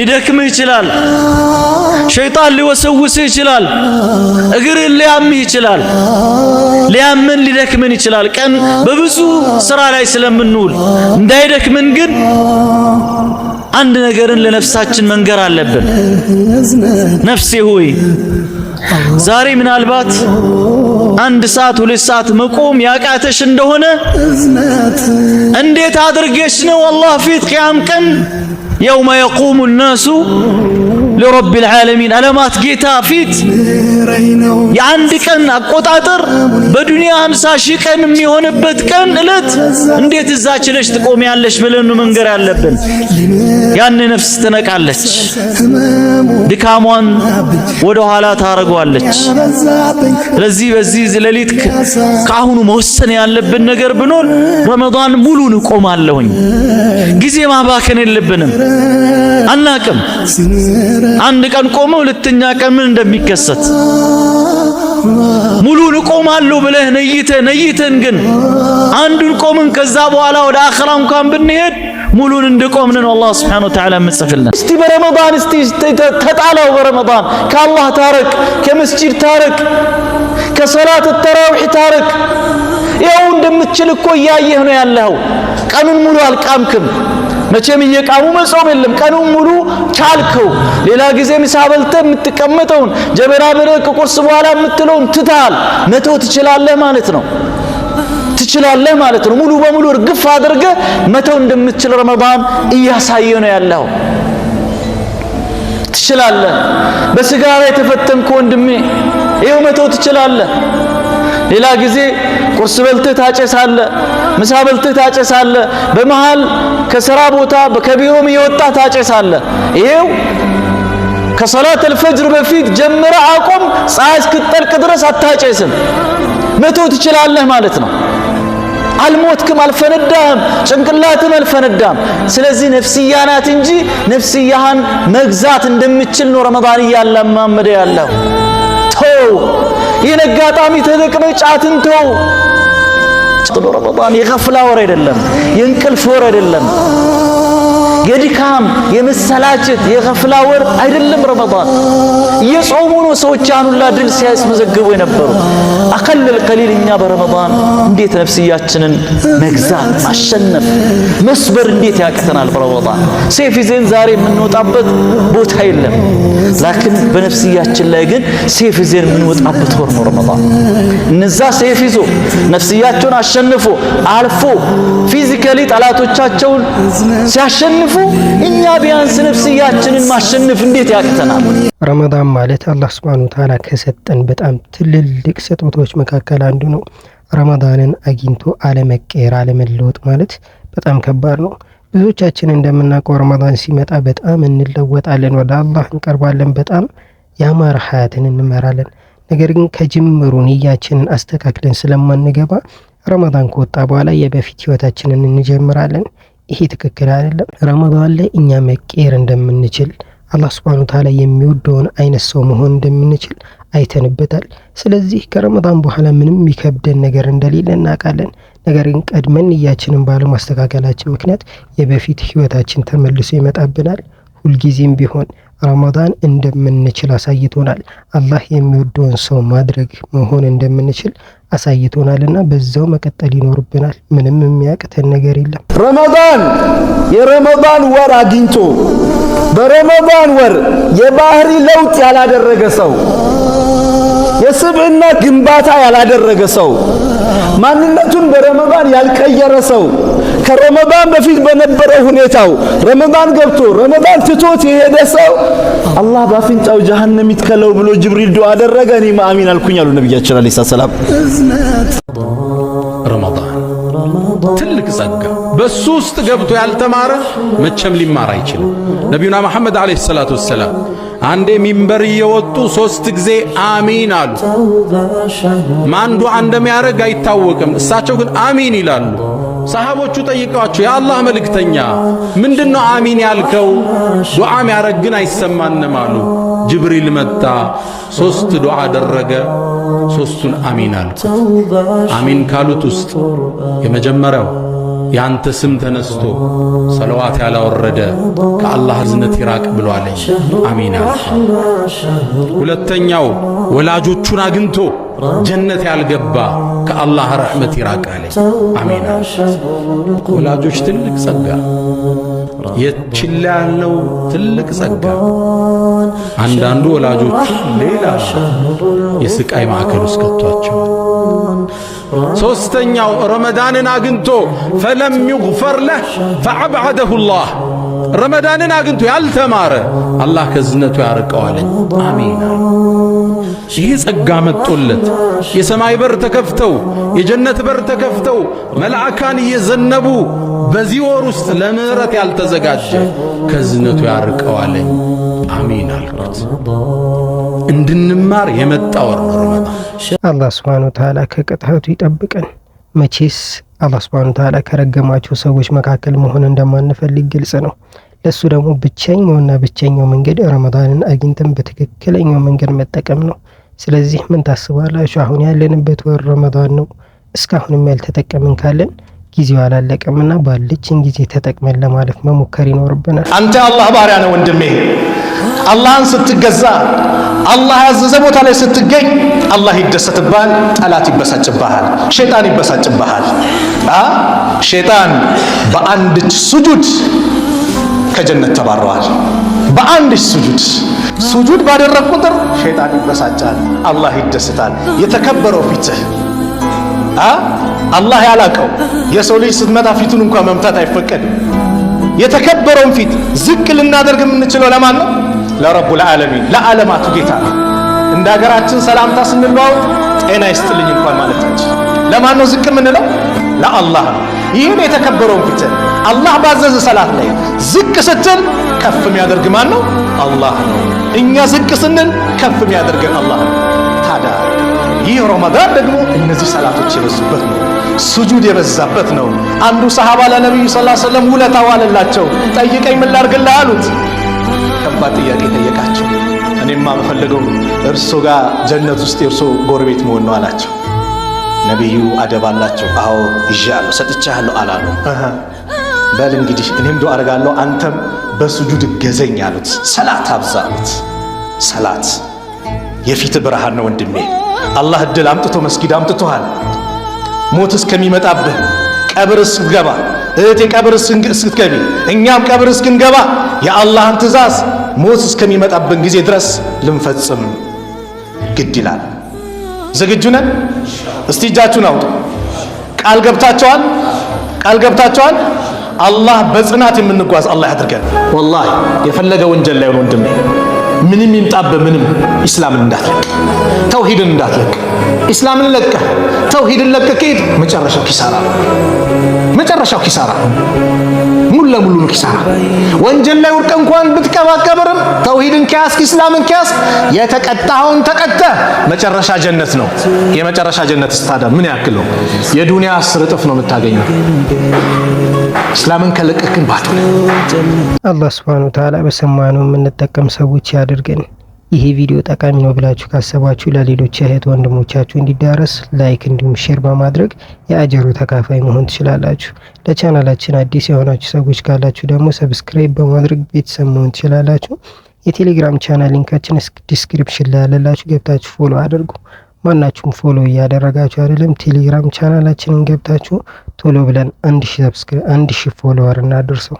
ሊደክምህ ይችላል። ሸይጣን ሊወሰውስህ ይችላል። እግርህ ሊያምህ ይችላል። ሊያምን ሊደክምን ይችላል። ቀን በብዙ ስራ ላይ ስለምንውል እንዳይደክምን ግን አንድ ነገርን ለነፍሳችን መንገር አለብን። ነፍሴ ሆይ ዛሬ ምናልባት አንድ ሰዓት ሁለት ሰዓት መቆም ያቃተሽ እንደሆነ እንዴት አድርገሽ ነው አላህ ፊት ቅያም ቀን يوم يقوم الناس ለረብል ዓለሚን አለማት ጌታ ፊት የአንድ ቀን አቆጣጠር በዱንያ ሃምሳ ሺህ ቀን የሚሆንበት ቀን እለት እንዴት እዛ ችለሽ ትቆሚያለሽ ብለን መንገር ያለብን። ያን ነፍስ ትነቃለች፣ ድካሟን ወደ ኋላ ታረጓለች። ስለዚህ በዚህ ሌሊት ከአሁኑ መወሰን ያለብን ነገር ብኖር ረመዳን ሙሉን እቆማለሁኝ። ጊዜ ማባከን የለብንም አናቅም አንድ ቀን ቆመ፣ ሁለተኛ ቀን ምን እንደሚከሰት ሙሉን እቆማለሁ ብለህ ነይተህ ነይተን ግን አንዱን ቆምን። ከዛ በኋላ ወደ አኽራ እንኳን ብንሄድ ሙሉን እንደቆምን ነው አላህ ስብሓነሁ ወተዓላ የምጽፍልን። እስቲ በረመዳን እስቲ ተጣላው፣ በረመዳን ከአላህ ታረቅ፣ ከመስጂድ ታረቅ፣ ከሰላት ተራዊሕ ታረቅ። ያው እንደምትችል እኮ እያየህ ነው ያለኸው። ቀኑን ሙሉ አልቃምክም። መቼም እየቃሙ መጾም የለም። ቀኑን ሙሉ ቻልከው፣ ሌላ ጊዜ ምሳ በልተህ የምትቀመጠውን ጀበና ብለህ ከቁርስ በኋላ የምትለውን ትታል መተው ትችላለህ ማለት ነው። ትችላለህ ማለት ነው። ሙሉ በሙሉ እርግፍ አድርገህ መተው እንደምትችል ረመዳን እያሳየ ነው ያለው። ትችላለህ። በስጋራ የተፈተንክ ወንድሜ ይኸው መተው ትችላለህ። ሌላ ጊዜ ቁርስ በልተህ ታጨሳለህ። ምሳ በልተህ ታጨሳለህ። በመሃል ከስራ ቦታ ከቢሮም የወጣ ታጨሳለህ። ይሄው ከሰላት አልፈጅር በፊት ጀምረ አቁም፣ ፀሐይ እስክትጠልቅ ድረስ አታጨስም። መተው ትችላለህ ማለት ነው። አልሞትክም፣ አልፈነዳህም፣ ጭንቅላትም አልፈነዳም። ስለዚህ ነፍስያ ናት እንጂ ነፍስያህን መግዛት እንደምችል ነው ረመዳን እያላማመደ ያለው። ተው፣ ይህን አጋጣሚ ተጠቅመህ ጫትን ተው። ጥሎ ረመዳን የገፍላ ወር አይደለም፣ የእንቅልፍ ወር አይደለም። የድካም የመሰላቸት የኸፍላ ወር አይደለም ረመዳን። እየጾሙ ነው ሰዎች ያኑላ ድል ሲያስመዘግቡ የነበሩ አከልል ቀሊል። እኛ በረመዳን እንዴት ነፍስያችንን መግዛት ማሸነፍ መስበር እንዴት ያቅተናል በረመዳን። ሴፍ ይዘን ዛሬ የምንወጣበት ቦታ የለም። ላኪን በነፍስያችን ላይ ግን ሴፍ ይዘን የምንወጣበት ወር ነው ረመዳን። እነዛ ሴፍ ይዞ ነፍስያቸውን አሸንፎ አልፎ ፊዚካሊ ጠላቶቻቸውን ሲያሸንፍ ሲያሸንፉ እኛ ቢያንስ ነፍስያችንን ማሸነፍ እንዴት ያቅተናል? ረመዳን ማለት አላህ ስብሃነ ወተዓላ ከሰጠን በጣም ትልልቅ ስጦታዎች መካከል አንዱ ነው። ረመዳንን አግኝቶ አለመቀየር፣ አለመለወጥ ማለት በጣም ከባድ ነው። ብዙዎቻችን እንደምናውቀው ረመዳን ሲመጣ በጣም እንለወጣለን፣ ወደ አላህ እንቀርባለን፣ በጣም ያማረ ሀያትን እንመራለን። ነገር ግን ከጅምሩ ንያችንን አስተካክለን ስለማንገባ ረመዳን ከወጣ በኋላ የበፊት ህይወታችንን እንጀምራለን። ይሄ ትክክል አይደለም። ረመዳን ላይ እኛ መቀየር እንደምንችል አላህ ስብሃነ ወተዓላ የሚወደውን አይነት ሰው መሆን እንደምንችል አይተንበታል። ስለዚህ ከረመዳን በኋላ ምንም የሚከብደን ነገር እንደሌለ እናውቃለን። ነገር ግን ቀድመን ንያችንን ባለማስተካከላችን ምክንያት የበፊት ህይወታችን ተመልሶ ይመጣብናል። ሁልጊዜም ቢሆን ረመዳን እንደምንችል አሳይቶናል። አላህ የሚወደውን ሰው ማድረግ መሆን እንደምንችል አሳይቶናል እና በዛው መቀጠል ይኖርብናል። ምንም የሚያቅተን ነገር የለም። ረመዳን የረመዳን ወር አግኝቶ በረመዳን ወር የባህሪ ለውጥ ያላደረገ ሰው የስብዕና ግንባታ ያላደረገ ሰው፣ ማንነቱን በረመዳን ያልቀየረ ሰው፣ ከረመዳን በፊት በነበረው ሁኔታው ረመዳን ገብቶ ረመዳን ትቶት የሄደ ሰው አላህ በአፍንጫው ጀሃነም ይትከለው ብሎ ጅብሪል ዱዓ አደረገ። እኔ ማአሚን አልኩኝ አሉ ነብያችን አለይሂ ሰላም። ረመዳን ትልቅ ጸጋ በሱ ውስጥ ገብቶ ያልተማረ መቼም ሊማር አይችልም። ነቢዩና መሐመድ አለይሂ ሰላቱ ወሰላም አንዴ ሚንበር እየወጡ ሶስት ጊዜ አሚን አሉ። ማን ዱዓ እንደሚያደርግ አይታወቅም። እሳቸው ግን አሚን ይላሉ። ሰሃቦቹ ጠይቀዋቸው የአላህ መልእክተኛ ምንድነው አሚን ያልከው? ዱዓ ሚያረግ ግን አይሰማንም አሉ። ጅብሪል መጣ፣ ሶስት ዱዓ አደረገ። ሶስቱን አሚን አሉ። አሚን ካሉት ውስጥ የመጀመሪያው ያንተ ስም ተነስቶ ሰለዋት ያላወረደ ከአላህ እዝነት ይራቅ ብሏለኝ። አሚን። ሁለተኛው ወላጆቹን አግኝቶ ጀነት ያልገባ ከአላህ ረሕመት ይራቅ አለኝ። ወላጆች ትልቅ ጸጋ የችላ ያለው ትልቅ ጸጋ አንዳንዱ ወላጆቹ ሌላ የስቃይ ማዕከል ውስጥ ከቷቸዋል። ሦስተኛው ረመዳንን አግኝቶ ፈለም ዩግፈር ለህ ፈአብዓደሁ ላህ ረመዳንን አግኝቶ ያልተማረ አላህ ከዝነቱ ያርቀዋል አሚን ይህ ጸጋ መጦለት የሰማይ በር ተከፍተው የጀነት በር ተከፍተው መልአካን እየዘነቡ በዚህ ወር ውስጥ ለምሕረት ያልተዘጋጀ ከዝነቱ ያርቀዋለኝ። አሚን አልኩት። እንድንማር የመጣ ወር አላህ ስብሓነ ወተዓላ ከቅጣቱ ይጠብቀን። መቼስ አላህ ስብሓነ ወተዓላ ከረገማቸው ሰዎች መካከል መሆን እንደማንፈልግ ግልጽ ነው። ለሱ ደግሞ ብቸኛውና ብቸኛው መንገድ ረመዳንን አግኝተን በትክክለኛው መንገድ መጠቀም ነው። ስለዚህ ምን ታስባላችሁ? አሁን ያለንበት ወር ረመዳን ነው። እስካሁንም ያልተጠቀምን ካለን ጊዜው አላለቀምና ባለችን ጊዜ ተጠቅመን ለማለፍ መሞከር ይኖርብናል። አንተ አላህ ባሪያ ነው ወንድሜ። አላህን ስትገዛ፣ አላህ ያዘዘ ቦታ ላይ ስትገኝ፣ አላህ ይደሰትብሃል፣ ጠላት ይበሳጭብሃል፣ ሸይጣን ይበሳጭብሃል። ሸይጣን በአንድ ሱጁድ ከጀነት ተባረዋል። በአንድ ስጁድ ስጁድ ባደረግ ቁጥር ሸይጣን ይበሳጫል፣ አላህ ይደስታል። የተከበረው ፊትህ አላህ ያላቀው የሰው ልጅ ስትመጣ ፊቱን እንኳን መምታት አይፈቀድም። የተከበረውን ፊት ዝቅ ልናደርግ የምንችለው ለማን ነው? ለረቡል ዓለሚን ለዓለማቱ ጌታ ነው። እንደ ሀገራችን ሰላምታ ስንለዋወጥ ጤና ይስጥልኝ እንኳን ማለታችን ለማን ነው? ዝቅ የምንለው ለአላህ ነው። ይህን የተከበረውን ፊትን አላህ ባዘዘ ሰላት ላይ ዝቅ ስትል ከፍ የሚያደርግ ማን ነው? አላህ ነው። እኛ ዝቅ ስንል ከፍ የሚያደርገን አላህ ነው። ታዲያ ይህ ረመዳን ደግሞ እነዚህ ሰላቶች የበዙበት ነው። ስጁድ የበዛበት ነው። አንዱ ሰሃባ ለነቢዩ ሰለላሁ ዐለይሂ ወሰለም ውለታ ዋለላቸው። ጠይቀኝ ምን ላርግልህ አሉት። ከባድ ጥያቄ ጠየቃቸው። እኔማ የምፈልገው እርሶ ጋር ጀነት ውስጥ የእርሶ ጎረቤት መሆን ነው አላቸው። ነቢዩ አደብ አላቸው። አዎ ይዣለሁ፣ ሰጥቻለሁ አላሉ። በል እንግዲህ እኔም ዶ አደርጋለሁ፣ አንተም በስጁድ ገዘኝ አሉት። ሰላት አብዛሉት። ሰላት የፊት ብርሃን ነው ወንድሜ። አላህ እድል አምጥቶ መስጊድ አምጥቶሃል። ሞት እስከሚመጣብህ ቀብር እስክትገባ እህቴ ቀብር እስክትገቢ እኛም ቀብር እስክንገባ የአላህን ትእዛዝ ሞት እስከሚመጣብን ጊዜ ድረስ ልንፈጽም ግድ ይላል። ዝግጁ ነን? እስቲ እጃችሁን አውጡ። ቃል ገብታችኋል? ቃል ገብታችኋል? አላህ በጽናት የምንጓዝ አላህ ያድርገን። ወላሂ የፈለገ ወንጀል ላይ ሆኖ ወንድሜ ምንም ይምጣበ ምንም ኢስላምን እንዳትለቅ፣ ተውሂድን እንዳትለቅ። ኢስላምን ለቀ ተውሂድን ለቀ ከሄድ መጨረሻው ኪሳራ፣ መጨረሻው ኪሳራ ለሙሉ ነው ኪሳራ። ወንጀል ላይ ወድቀህ እንኳን ብትቀባቀብርም ተውሂድን ከያዝክ ኢስላምን ከያዝክ የተቀጣኸውን ተቀጠ መጨረሻ ጀነት ነው። የመጨረሻ ጀነት ስታዳ ምን ያክል ነው? የዱንያ አስር እጥፍ ነው የምታገኘው። እስላምን ከለቀክን ባጡ አላህ ሱብሓነሁ ወተዓላ በሰማነው የምንጠቀም ሰዎች ያድርገን። ይሄ ቪዲዮ ጠቃሚ ነው ብላችሁ ካሰባችሁ ለሌሎች እህት ወንድሞቻችሁ እንዲዳረስ ላይክ እንዲሁም ሼር በማድረግ የአጀሩ ተካፋይ መሆን ትችላላችሁ። ለቻናላችን አዲስ የሆናችሁ ሰዎች ካላችሁ ደግሞ ሰብስክራይብ በማድረግ ቤተሰብ መሆን ትችላላችሁ። የቴሌግራም ቻናል ሊንካችን ዲስክሪፕሽን ላይ ያለላችሁ ገብታችሁ ፎሎ አድርጉ። ማናችሁም ፎሎ እያደረጋችሁ አይደለም። ቴሌግራም ቻናላችንን ገብታችሁ ቶሎ ብለን አንድ ሺ ፎሎወር እናደርሰው።